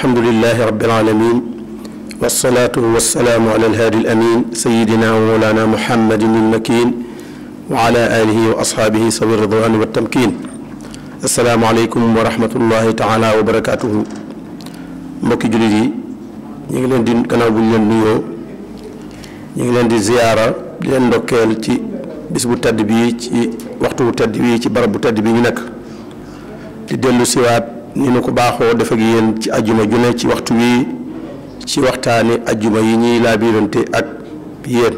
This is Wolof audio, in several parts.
alhamdulilahi rabbil alamin wasalaatu wasalaamu ala alhaadi alamin sayidina wa mawlana muhammadin almakin wa ala alihi wa ashaabihi sawi ridwaan wa tamkin assalaamu aleykum wa rahmatullahi taala wa barakatuhu mbokki jullit yi ñu ngi leen di gannaaw bu ñu leen nuyoo ñu ngi leen di ziyaara di leen ndokkeel ci bis bu tedd bii ci waxtu bu tedd bii ci barab bu tedd bii ñu nekk di dellu siwaat ni nu ko baaxoo defak ak yéen ci ajjuma ju ne ci waxtu wi ci waxtaani ajjuma yi ñuy laabirante ak yéen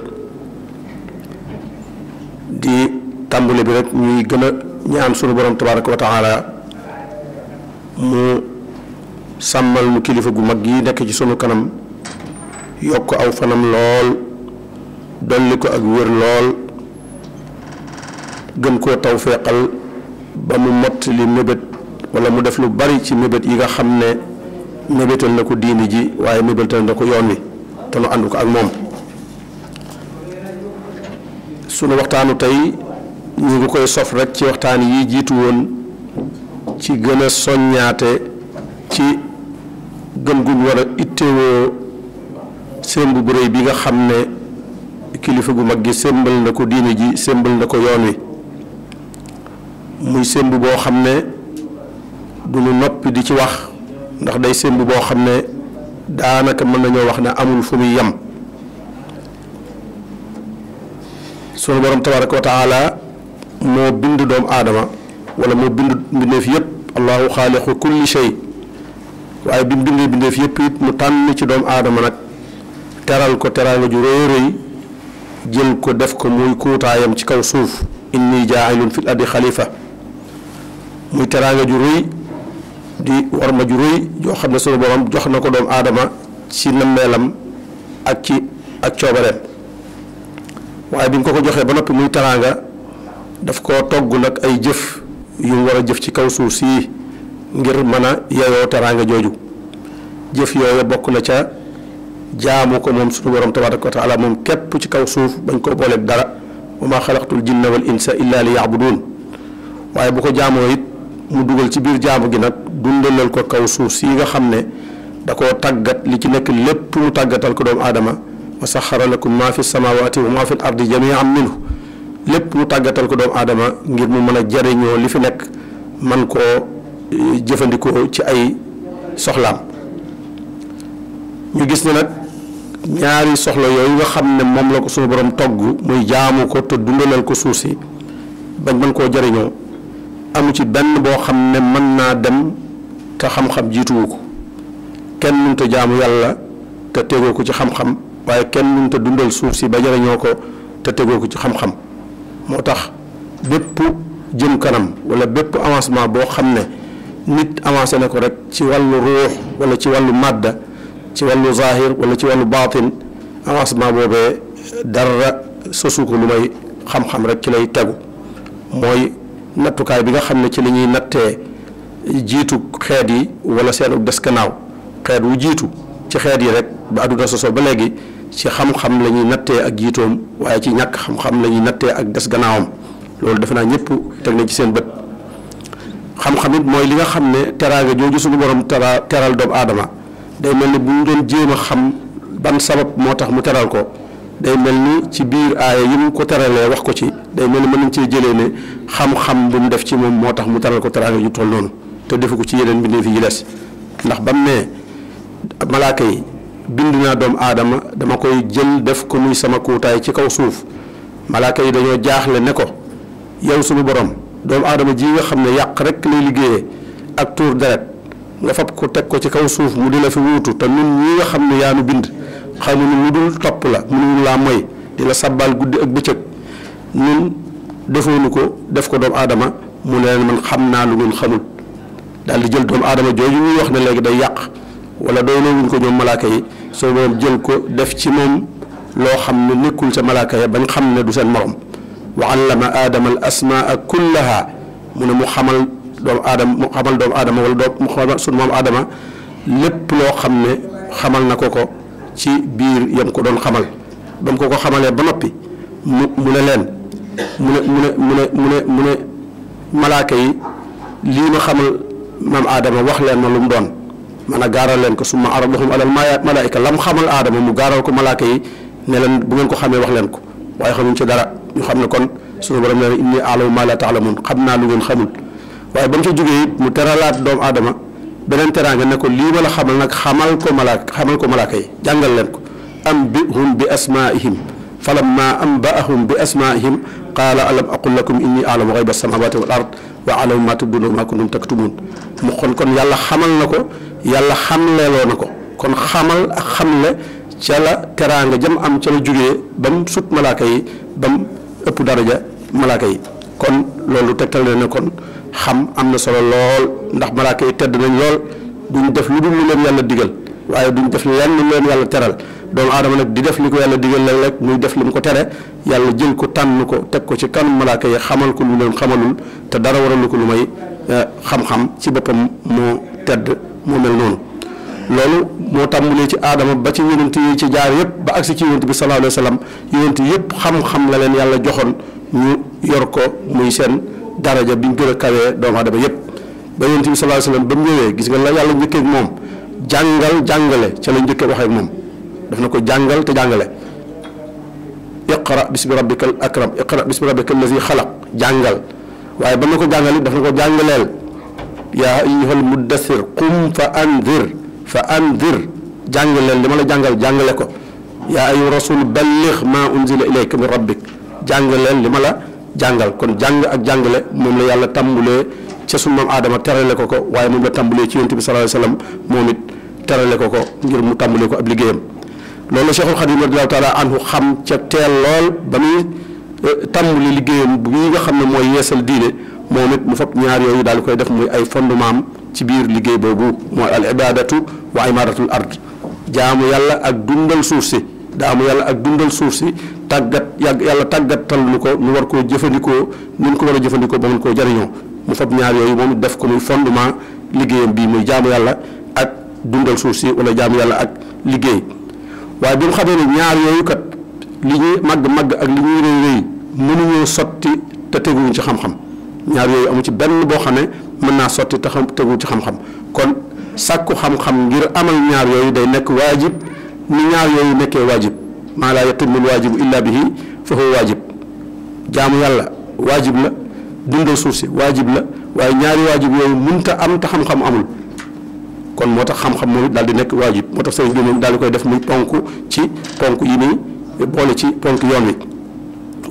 di tàmbule bi rek ñuy gën a ñaan sunu borom tabaraka wa mu sàmmal nu kilifa gu mag yi nekk ci sunu kanam yokk aw fanam lool dolli ko ak wér lool gën koo tawféexal ba mu mott li wala mu def lu bari ci mébét yi nga xam ne mébétal na ko diini ji waaye mébétal na ko yoon wi te nu ànd ko ak moom sunu waxtaanu tey ñu ngi koy sof rek ci waxtaan yi jiitu woon ci gën a soññaate ci gën gu war a ittewoo sémb bu réy bi nga xam ne kilifa gu mag gi sémbal na ko diini ji sémbal na ko yoon wi muy sémb boo xam ne du ñu noppi di ci wax ndax day sëmb boo xam ne daanaka mën nañoo wax ne amul fu muy yem sunu borom tabaraka wa moo bind doomu aadama wala moo bind mbindeef yëpp allahu xaaliqu kulli shay waaye bi mu bindee mbindeef it mu tànn ci doomu aadama nag teral ko teraanga ju rëy rëy jël ko def ko muy kuutaayam ci kaw suuf inni jaa'ilun fil ardi xalifa muy teraanga ju rëy di war ma ju yoo xam ne sunu borom jox na ko doomu aadama ci nammeelam ak ci ak coobareem waaye bi nga ko ko joxee ba noppi muy teraanga daf ko togg nag ay jëf yu mu war a jëf ci kaw suuf si ngir mën a yeyoo teraanga jooju jëf yooyu bokk na ca jaamu ko moom sunu borom tabaraka wa moom képp ci kaw suuf bañ koo booleeg dara wa ma xalaqtul jinna insa illa li waaye bu ko jaamoo it mu dugal ci biir jaamu gi nag dundalal ko kaw suuf si nga xam ne da koo tàggat li ci nekk lépp mu tàggatal ko doomu aadama wa saxara lakum maa fi samawati wa maa fi ardi jamian minhu lépp mu tàggatal ko doomu aadama ngir mu mën a jariñoo li fi nekk man koo eh, jëfandikoo ci ay soxlaam ñu gis ni nag ñaari soxla yooyu nga xam ne moom la ko suñu borom togg muy jaamu ko te dundalal ko suuf si bañ mën koo jariñoo amu ci benn boo xam ne mën naa dem te xam-xam jiituwu ko kenn mënut a jaamu yàlla te tegoo ko ci xam-xam waaye kenn mënut te dundal suuf si ba jariñoo ko te tegoo ko ci xam-xam moo tax bépp jëm kanam wala bépp avancement boo xam ne nit avancé na ko rek ci wàllu ruux wala ci wàllu màdda ci wàllu zahir walla ci wàllu baatin avancement boobee dara sosu ko lu may xam-xam rek ci lay tegu mooy nattukaay bi nga xam ne ci lañuy ñuy nattee jiitu xeet yi wala seenu des gannaaw xeet wu jiitu ci xeet yi rek ba àdduna soso ba léegi ci xam-xam la nattee ak jiitoom waaye ci ñàkk xam-xam la nattee ak des gannaawam loolu defe naa ñëpp teg nañ ci seen bët xam-xam it mooy li nga xam ne teraanga jooju suñu borom tera teral doomu aadama day mel ni bu ñu doon jéem a xam ban sabab moo tax mu teral ko day mel ni ci biir aaya yi mu ko teralee wax ko ci day mel ni mën nañ cee jëlee ne xam-xam bu mu def ci moom moo tax mu teral ko teraanga ju toll noonu te defu ko ci yeneen fi yi des ndax ba mu ne malaaka yi bind naa doomu aadama dama koy jël def ko muy sama kuutaay ci kaw suuf malaaka yi dañoo jaaxle ne ko yow suñu borom doomu aadama jii nga xam ne yàq rek lay liggéeyee ak tuur deret nga fab ko teg ko ci kaw suuf mu di la fi wuutu te nun ñi nga xam ne yaa nu bind xamuñu lu dul topp la mënuñu laa moy di la sàbbaal guddi ak bëccëg nun defoonu ko def ko doomu aadama mu ne xam naa lu ngeen xamul daal di jël doomu aadama jooju ñuy wax léegi day yàq wala doy loowuñ ko ñoom yi soo jël ko def ci moom loo xam ne nekkul sa malaaka bañ xam ne du seen morom wa allama aadama al asmaa kullaha mu ne mu xamal doomu aadama mu xamal doomu aadama wala doom mu xamal sunu moom aadama lépp loo xam ne xamal na ko ko ci biir yam ko doon xamal ba mu ko ko xamalee ba noppi mu mu ne leen mu ne mu ne mu ne mu ne mu ne malaaka yi lii ma xamal maam aadama wax leen ma lu mu doon man a gaaral leen ko summa ma alal malaayika lam xamal aadama mu gaaral ko malaaka yi ne leen bu ngeen ko xamee wax leen ko waaye xamuñ ci dara xam ne kon suñu borom leen inni alamu la mun xam naa lu ngeen xamul waaye ba mu ca jógee it mu teralaat doomu aadama beneen teraanga ne ko lii ma wala xamal nag xamal ko malaaka xamal ko malaaka yi jàngal leen ko am bi hum bi asmaihim falamma ambaahum bi asmaihim qaala a aqul lakum inni alamu xayba samawati wal ard wa alamu ma tubduna ma kuntum taktumun mu xon kon yàlla xamal na ko yàlla xamleeloo na ko kon xamal ak xamle ca la teraanga jam am ca la jógee ba mu sut malaaka yi ba mu ëpp daraja malaaka yi kon loolu tegtal na ne kon xam am na solo lool ndax malaaka yi tedd nañ lool duñu def lu dul lu leen yàlla digal waaye duñ def lenn lu leen yàlla teral doomu aadama nag di def li ko yàlla digal la rek muy def li mu ko tere yàlla jël ko tànn ko teg ko ci kanam malaaka yi xamal ko lu leen xamalul te dara waralu ko lu may eh, xam-xam ci boppam moo tedd moo mel noonu loolu moo tàmbalee ci aadama ba ci yonent yi ci jaar yëpp ba agsi ci yonent bi sallallahu alayhi wa sallam yëpp xam-xam la leen yàlla joxoon ñu yor ko muy seen daraja bi ñu gën a kawee doomu aadama yépp ba yonent bi sallallahu alayhi wasallam ba mu ñëwee gis nga la yàlla njëkkee moom jàngal jàngale ca la njëkkee waxee moom daf na ko jàngal te jàngale iqra bismi rabbikal akram iqra bismi rabbikal lazi xalaq jàngal waaye ba na ko jàngal it daf na ko jàngaleel yaa ayyuhal muddathir qum fa andir fa andir jàngaleel li ma la jàngal jàngale ko yaa ayyuha rasul balligh ma unzila ilayka min rabbik jàngaleel li ma la jàngal kon jàng ak jàngale moom la yàlla tàmbulee ca sunu maam aadama terale ko ko waaye moom la tàmbulee ci yonent bi sallallahu alayhi wasallam moom it terale ko ko ngir mu tàmbulee ko ab liggéeyam loolu la Cheikhul Khadim radiyallahu taala anhu xam ca teel lool ba muy e, tàmbali liggéeyam bu nga xam ne mooy yeesal diine moom it mu fab ñaar yooyu daal di koy def muy ay fondement am ci biir liggéey boobu mooy al ibadatu wa imaratul ard jaamu yàlla ak dundal suuf si jaamu yàlla ak dundal suuf si tàggat yàgg yàlla tàggatal nu ko nu war koo jëfandikoo nun ko war a jëfandikoo ba mën koo jariñoo mu fab ñaar yooyu moom def ko muy fondement liggéeyam bii muy jaamu yàlla ak dundal suuf wala jaamu yàlla ak liggéey waaye bi mu xamee ne ñaar yooyu kat li ñuy màgg màgg ak li ñuy te teguwuñ ci xam-xam ñaar amu ci benn boo xam ne mën naa sotti te xam ci xam kon sàkku xam-xam ngir amal ñaar yooyu day nekk waajib ni ñaar yooyu nekkee waajib maa laa yatimmul waajibu illa bihi fa huwa waajib jaamu yàlla waajib la dundal suuf si waajib la waaye ñaari waajib yooyu mënta am te xam-xam amul kon moo tax xam-xam moom it daal di nekk waajib moo tax sëriñ bi moom daal di koy def muy ponk ci ponk yi muy boole ci ponk yoon wi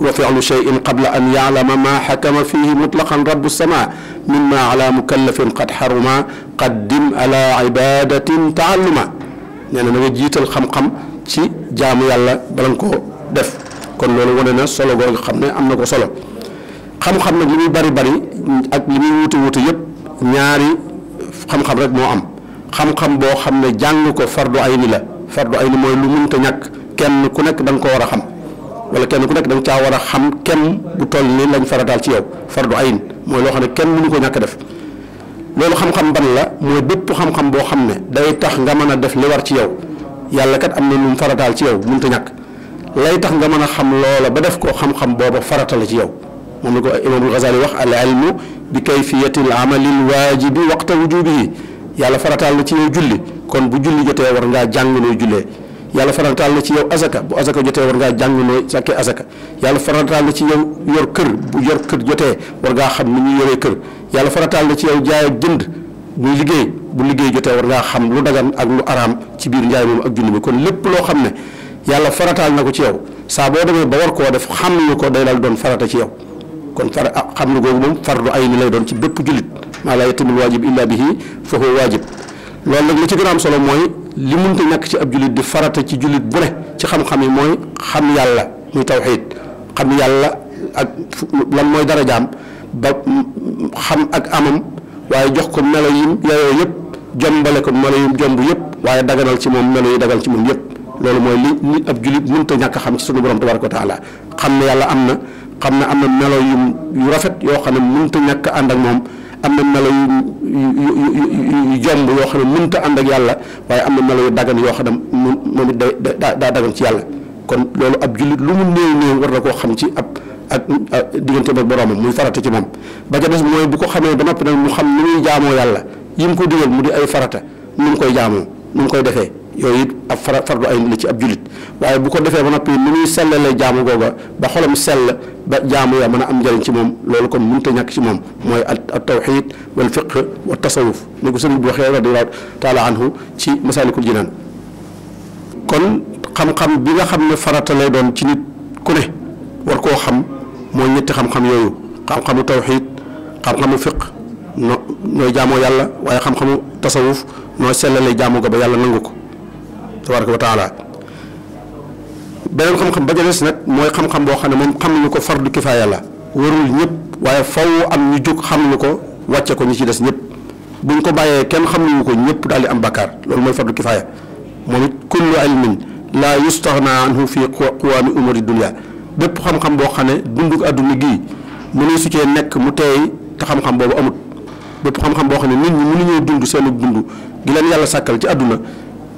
wa fi'lu shay'in qabla an ya'lama ma xakama fihi mutlaqan rabbu sama mimma ala mukallafin qad xaruma qaddim ala ibadatin taalluma nee na na jiital xam-xam ci jaamu yàlla bala nga koo def kon loolu wane na solo boo xam ne am na ko solo xam-xam nag li muy bari bari ak li muy wuti wuti yëpp ñaari xam-xam rek moo am xam-xam boo xam ne jàng ko fardu ayni la fardu ayni mooy lu mënta ñàkk kenn ku nekk da ko war a xam wala kenn ku nekk da caa war a xam kenn bu toll ni lañ farataal ci yow fardu ayn mooy loo xam ne kenn mu mënu ko ñàkk def loolu xam-xam ban la mooy bépp xam-xam boo xam ne day tax nga mën a def li war ci yow yàlla kat am na lu mu farataal ci yow mënta ñàkk. lay tax nga mën a xam loola ba def ko xam-xam booba farata la ci yow moom la ko imaamul Ghazali wax al ilmu bi kayfiyati l amali l waajibi waqta wujubihi yàlla farataal na ci julli kon bu julli jotee war ngaa jàng yàlla farataal na ci yow azaka bu azaka jotee war ngaa jàng nooy sàkkee azaka yàlla farataal ci yow yor kër bu yor kër jotee war ngaa xam ni ñuy yoree kër yàlla farataal na ci yow jaay ak jënd muy liggéey bu liggéey jotee war ngaa xam lu dagan ak lu araam ci biir njaay moom ak junni bi kon lépp loo xam ne yàlla farataal na ko ci yow saa boo demee ba war koo def xam lu ko day daal doon farata ci yow kon far ah, xam lu googu moom fardu ay ni lay doon ci bépp jullit maa laa yatimul waajib illa bihi fa huwa waajib loolu nag li ci gën am solo mooy li mënta ñàkk ci ab jullit di farata ci jullit bu ci xam-xam yi mooy xam yàlla muy tawxiid xam yàlla ak lan mooy darajaam ba xam ak amam waaye jox ko melo yi yooyu yëpp jombale ko melo yi jomb yëpp waaye daganal ci moom melo yi dagal ci moom yëpp loolu mooy li nit ab jullit mënut a ñàkk xam ci suñu borom tabaraka wa taala xam ne yàlla am na xam na am na melo yu yu rafet yoo xam ne mënut a ñàkk ànd ak moom am na melo yu yu jomb yoo xam ne mënut a ànd ak yàlla waaye am na melo yu dagan yoo xam ne moom it day daa dagan ci yàlla kon loolu ab jullit lu mu néew néew war na koo xam ci ab ak digganteem ak boromam muy farata ci moom ba ca des mooy bu ko xamee ba noppi nag mu xam ni muy jaamoo yàlla yi mu ko digal mu di ay farata nu mu koy jaamoo nu mu koy defee. yooyu it ab fara fardu ay la ci ab jullit waaye bu ko defee ba noppi ni muy sellalee jaamu googa ba xolam sell ba jaamu yaa mën a am njëriñ ci moom loolu kon mënut ñàkk ci moom mooy at tawxid wal fiq wa tasawuf ni ko sëriñ bi waxee radiallahu taala ci masalikul jinaan kon xam-xam bi nga xam ne farata lay doon ci nit ku ne war koo xam mooy ñetti xam-xam yooyu xam-xamu tawxid xam-xamu fiq no nooy jaamoo yàlla waaye xam-xamu tasawuf noo sellalee jaamu ga ba yàlla nangu ko tabaraka wa taala beneen xam-xam ba des nag mooy xam-xam boo xam ne moom xam ñu ko fardu kifaaya la warul ñëpp waaye faw am ñu jóg xam ñu ko wàcce ko ñi ci des ñëpp buñ ko bàyyee kenn xam ñu ko ñëpp daal di am bakkaar loolu mooy fardu kifaaya moom it kullu ilmin laa naa anhu fi quwaami umuri dunia bépp xam-xam boo xam ne dundug àdduna gii mënu su cee nekk mu teey te xam-xam boobu amut bépp xam-xam boo xam ne nit ñi mënuñoo dund seenu dund gi leen yàlla sàkkal ci àdduna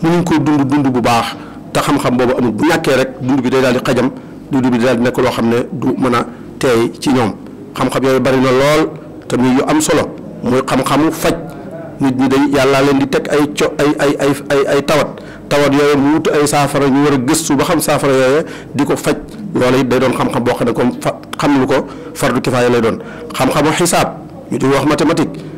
mënuñ koo dund dund bu baax te xam-xam boobu amul bu ñàkkee rek dund bi day daal di xajam dund bi day daal nekk loo xam ne du mën a teey ci ñoom xam-xam yooyu bari na lool te muy yu am solo muy xam-xamu faj nit ñi day yàllaa leen di teg ay co ay ay ay ay tawat tawat yooyu mu wut ay saafara ñu war a gëstu ba xam saafara yooyu di ko faj loolu it day doon xam-xam boo xam ne comme fa xam lu ko fardu kifaaya lay doon xam-xamu xisaab ñu di wax mathématique.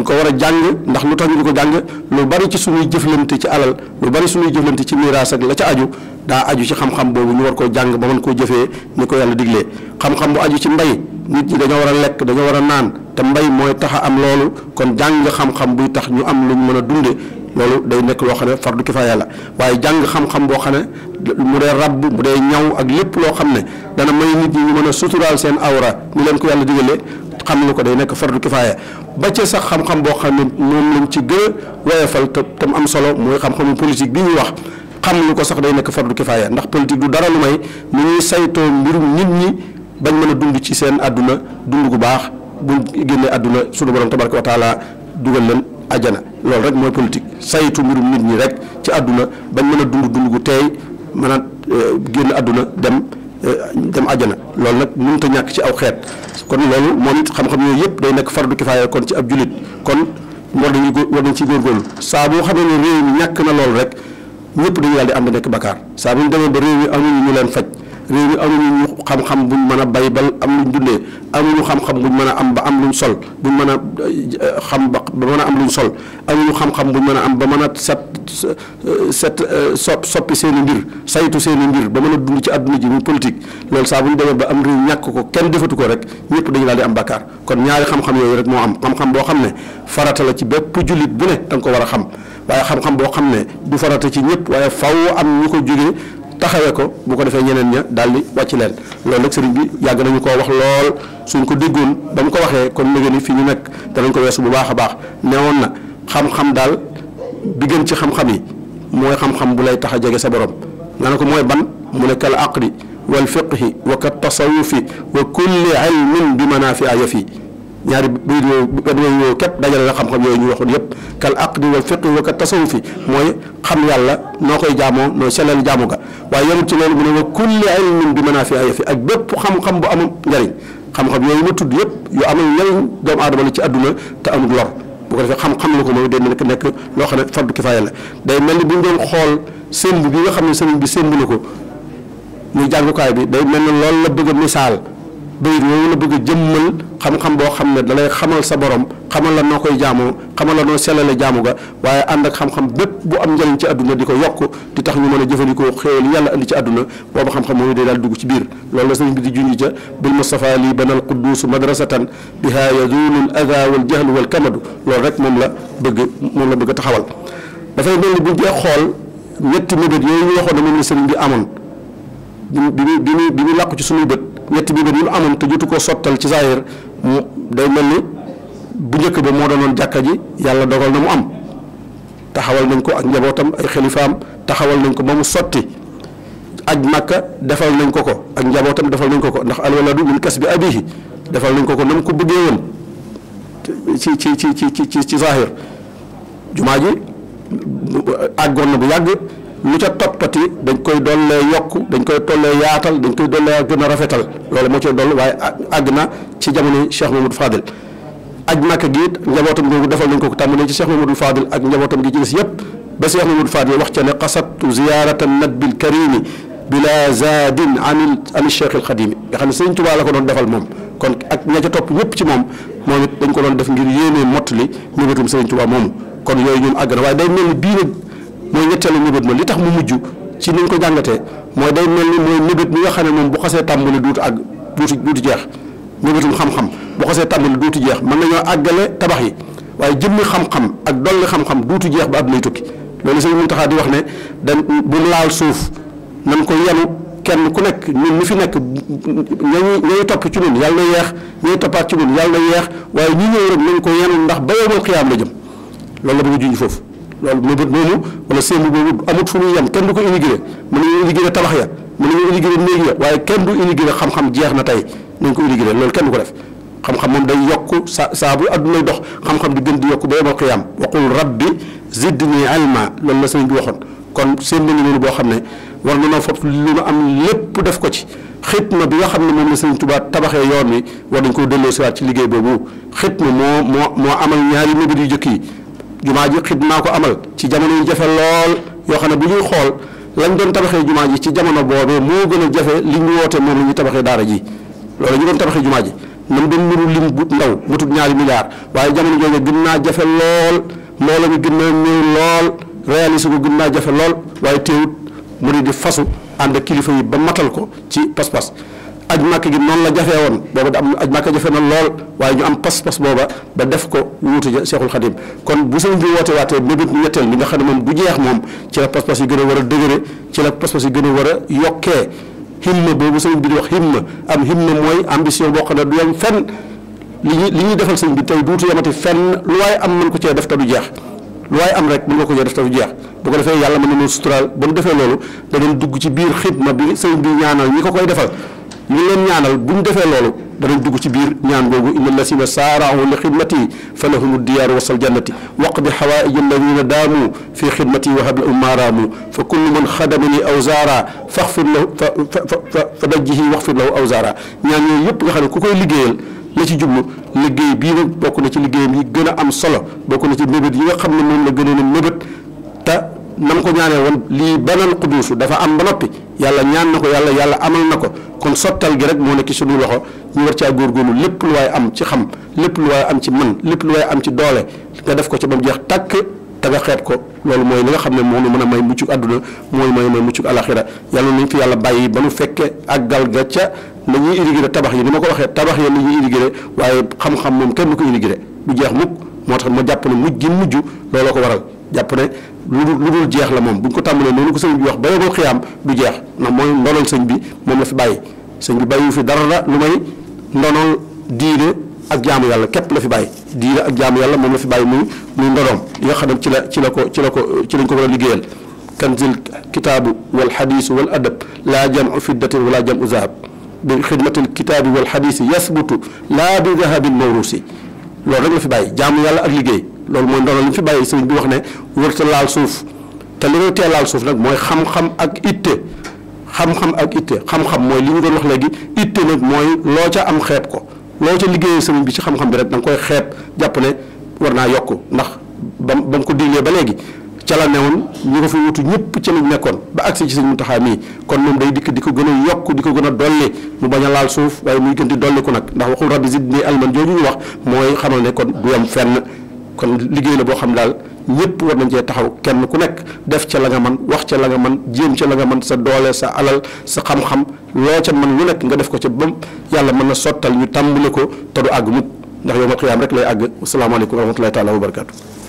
ñu ko war a jàng ndax lu tax ñu ko jàng lu bari ci suñuy jëflante ci alal lu bari suñuy jëflante ci miiraas ak la ca aju daa aju ci xam boobu ñu war koo jàng ba mën koo jëfee ni ko yàlla diglee xam-xam bu aju ci mbay nit ñi dañoo war a lekk dañoo war a naan te mbay mooy tax am loolu kon jàng xam-xam buy tax ñu am lu ñu mën a dunde loolu day nekk loo xam ne fardu kifaaya la waaye jàng xam-xam boo xam ne mu dee rabb mu dee ñaw ak lépp loo xam ne dana may nit ñi ñu mën a suturaal seen awra ñu leen ko yàlla digalee xam lu ko day nekk fardu kifaaya ba ca sax xam-xam boo xam ne moom lañ ci gën a woyofal te tam am solo mooy xam-xamu politique bi ñuy wax xam lu ko sax day nekk fardu kifaaya ndax politique du dara lu may mu ñuy saytoo mbirum nit ñi bañ mën a dund ci seen àdduna dund gu baax bu génnee àdduna sunu borom tabaraka wa taala dugal leen ajana loolu rek mooy politique saytu mbirum nit ñi rek ci àdduna bañ mën a dund dund gu teey mën a euh, génn àdduna dem Euh, dem àjjana loolu nag mënut a ñàkk ci aw xeet kon loolu moom it xam-xam yooyu yëpp day nekk fardu kifaaya kon ci ab jullit kon war dañuy góor war nañ ci góorgóorlu saa boo xamee ne réew ñàkk na loolu rek ñëpp dañu yàlla di ànd nekk bakkaar saa bu ñu demee ba réew mi amuñu ñu leen faj réew mi amuñu xam-xam buñ mën a bay bal am luñ dundee amuñu xam-xam buñ mën a am ba am luñ sol buñ mën a eh, xam ba ba mën a am luñ sol amuñu xam-xam buñ mën a am ba mën a set set eh, so soppi seen i mbir saytu seen i mbir ba mën a dund ci àdduna ji muy politique loolu saa bu ñu demee ba am réew ñàkk ko kenn defatu ko rek ñëpp dañu daal di am bàkkaar kon ñaari xam-xam yooyu rek moo am xam-xam boo xam ne farata la ci bépp jullit bu ne da nga ko war a xam waaye xam-xam boo xam ne du farata ci ñëpp waaye faw am ñu ko jógee taxawee ko bu ko defee ñeneen ña daal di wàcc leen loolu nag sëriñ bi yàgg nañu koo wax lool suñ ko déggoon ba mu ko waxee kon léegi ni fi ñu nekk danañ ko weesu bu baax a baax woon na xam-xam daal bi gën ci xam-xam yi mooy xam-xam bu lay tax a jege sa borom nga ne ko mooy ban mu ne kal aqli wal fiqhi wa kat tasawufi wa kulli ilmin bi manaafi a yëf yi ñaari bayit yooyu benn dajale la xam-xam yooyu ñu waxoon yëpp kal aqdi wal fiqi wa ka tasawufi mooy xam yàlla noo koy jaamoo noo sellal jaamu ga waaye yemul ci loolu mu ne wa kulli ilmin bi manaafi xam-xam bu amul njariñ xam-xam yooyu ma tudd yëpp yu amul njariñ doomu aadama la ci àdduna te amul lor bu ko defee xam-xam la ko moom day nekk nekk loo xam ne fardu kifaaya la day mel ni bu ñu doon xool sëmb bi nga xam ne sëriñ bi sëmb na ko muy jàngukaay bi day mel na loolu la bëgg a misaal bayit yooyu la bëgg a jëmmal xam-xam boo xam ne dalay xamal sa borom xamal la noo koy jaamoo xamal la noo sellale jaamu ga waaye ànd ak xam-xam bépp bu am njëriñ ci àdduna di ko yokk di tax ñu mën a jëfandikoo xéewal yàlla indi ci àdduna booba xam-xam mooy day daal dugg ci biir loolu la sëriñ bi di junj ca bil Mustafa lii banal quddus madrasatan biha yazulul ada wal jahlu wal kamadu loolu rek moom la bëgg moom la bëgg a taxawal dafay mel ni buñ dee xool ñetti mébét yooyu ñu waxoon ne moom bi amoon bi bi bi ñu bi ñu làkk ci suñuy bët ñetti bi bët yu ñu amoon te jotu koo sottal ci saayir day mel ni bu njëkk ba moo doonoon jàkka ji yàlla dogal na mu am taxawal nañ ko ak njabootam ay xalifaam taxawal nañ ko ba mu sotti aj màkka defal nañ ko ko ak njabootam defal nañ ko ko ndax alwaladu min kasbi abihi defal nañ ko ko na mu ko bëggee woon ci ci ci ci ci ci saahir jumaa ji àggoon na bu yàgg lu ca toppati dañ koy dollee yokk dañ koy tollee yaatal dañ koy dollee gën a rafetal loolu moo ci doll waaye àgg na ci jamono Cheikh Mamadou Fadil aj Màkka gi it njabootam googu defal ko ko tàmbalee ci Cheikh Mamadou Fadil ak njabootam gi ci des yëpp ba Cheikh Mamadou Fadil wax ca ne qasattu ziyaarata nabil karimi bila zaadin anil anil Cheikh Xadimi nga xam ne Sëriñ Tuubaa la ko doon defal moom kon ak ña ca topp ñëpp ci moom moom it dañ ko doon def ngir yéenee mottali mébétum Sëriñ Tuubaa moomu kon yooyu ñoom àgg na waaye day mooy ñetteelu mébét ma li tax mu mujj ci ni ñu ko jàngatee mooy day mel ni mooy mébét mi nga xam ne moom bu xasee tàmbali duutu àgg duuti duuti jeex mébétum xam-xam bu xasee tàmbali duuti jeex mën nañoo àggale tabax yi waaye jëmmi xam-xam ak dolli xam-xam duuti jeex ba ab nay tukki loolu sëñ Muntaxa di wax ne dañ bu mu laal suuf nan ko yenu kenn ku nekk ñun ñu fi nekk ñañu ñañu topp ci ñun yàlla na yeex ñañu toppaat ci ñun yàlla na yeex waaye ñu ñëw rek nañ ko yenu ndax ba yowmal xiyaam la jëm loolu la bëgg junj foofu loolu mébét moomu wala séenu boobu amut fu muy yem kenn du ko immigré a nañu immigré tabax ya a nañu immigré néeg ya waaye kenn du immigré xam-xam jeex na tey nañ ko immigré loolu kenn du ko def xam-xam moom day yokk sa saa bu addunay dox xam-xam di gën di yokk ba yemal qiyaam waqul rabbi zidni ilma loolu la sëriñ bi waxoon kon seen nañu noonu boo xam ne war na noo fop li nu am lépp def ko ci xitma bi nga xam ne moom la sëriñ Tuubaa tabaxee yoon wi war nañ koo delloo siwaat ci liggéey boobu xitma moo moo moo amal ñaari mébét yu jëkk yi jumaa ji naa ko amal ci jamono yu jafe lool yoo xam ne bu ñuy xool lañ doon tabaxee jumaa ji ci jamono boobee moo gën a jafe li ñu woote moom la ñuy tabaxee daara ji loolu ñu doon tabaxee jumaa ji nam doon mënu lim bu ndaw mutut ñaari milliard waaye jamono jooju gën naa jafe lool loola ñu gën naa néew lool réaliser ko gën naa jafe lool waaye teewut mu di fasu ànd kilifa yi ba matal ko ci pas-pas aj màkk gi noonu la jafee woon booba am aj màkk jafe na lool waaye ñu am pas-pas booba ba def ko wuutu ja Seexul Xadim kon bu sëñ bi woote waatee mébét ñetteel li nga xam ne moom du jeex moom ci la pas-pas yi gën a war a dëgëre ci la pas-pas yi gën a war a yokkee himma boobu sëñ bi di wax himma am himma mooy ambition boo xam ne du yem fenn li ñuy li ñuy defal sëñ bi tey duutu yamati fenn lu waaye am mën ko cee def ta du jeex lu waaye am rek mën ko cee def te du jeex bu ko yàlla mën na suturaal ba mu defee loolu danañ dugg ci biir xidma bi sëñ bi ñaanal ñi ko koy defal ñu leen ñaanal bu ñu defee loolu danañ dugg ci biir ñaan googu inna allasina saaraahu li xidmati fa lahum diyaaru wasal jannati waq bi xawaaij alladina daamu fi xidmati wa habla umaaraamu fa kullu man xadamani aw zaara faxfir lahu fa fa fa dajjihi waxfir lahu aw zaara ñaan yooyu yëpp nga xam ne ku koy liggéeyal la ci jublu liggéey bii nag bokk na ci liggéeyam yi gën a am solo bokk na ci mébét yi nga xam ne moom la gënoon a mébét te nam ko ñaanee woon lii banal quduusu dafa am ba noppi yàlla ñaan na ko yàlla yàlla amal na ko kon sottal gi rek moo nekk suñu loxo ñu war caa góorgóorlu lépp lu waay am ci xam lépp lu waay am ci man lépp lu am ci doole def ko ci ba mu jeex tàkk te nga xeeb ko loolu mooy li nga xam ne moo nu mën a may muccug àdduna mooy may may muccug alaxira yàlla nañ fi yàlla bàyyi ba nu fekke ak gal ga ca na ñuy irrigéré tabax yi ni ma ko waxee tabax yi nu ñuy irrigéré waaye xam moom kenn du ko irrigéré du jeex mukk moo tax ma jàpp ne mujj gi mujj looloo ko waral jàpp ne lu dul lu jeex la moom bu ñu ko tàmbalee noonu ko sëñ bi wax ba yóbbu xiyaam du jeex ndax mooy ndonal sëñ bi moom la fi bàyyi sëñ bi bàyyi fi dara la lu may ndonal diine ak jaamu yàlla képp la fi bàyyi diine ak jaamu yàlla moom la fi bàyyi muy muy ndonoom nga xam ne ci la ci la ko ci la ko ci lañ ko war a liggéeyal kanzil kitaabu wal xadiisu wal adab laa jamu fiddatin wala jamu zahab bi xidmatil kitaabi wal xadiisi yasbutu laa bi dahabin mawrusi loolu rek la fi bàyyi jaamu yàlla ak liggéey loolu mooy ndono mu fi bàyyi sëriñ bi wax ne wërta laal suuf te li ñu tee laal suuf nag mooy xam-xam ak itte xam-xam ak itte xam mooy li ñu doon wax léegi itte nag mooy loo ca am xeeb ko loo ca liggéeyee sëriñ bi ci xam-xam bi rek da koy xeeb jàpp ne war naa yokk ndax ba ba ko diglee ba léegi ca la newoon ñu ko fi wutu ñëpp ci lañ nekkoon ba agsi ci sëñ Muntaxa mii kon moom day dikk di ko gën a yokk di ko gën a dolli mu bañ a laal suuf waaye muy gën di ko nag ndax waxul rabbi zidni alman jooju ñu wax mooy xamal ne kon du yam fenn kon liggéey la boo xam daal ñëpp war nañ cee taxaw kenn ku nekk def ca la nga man wax ca la nga man jéem ca la nga man sa doole sa alal sa xam-xam loo ca man lu nekk nga def ko ca bam yàlla mën na sottal ñu tàmbali ko te du àgg mukk ndax yow ma xiyaam rek lay àgg asalaamaaleykum wa rahmatulahi taala wa barakaatu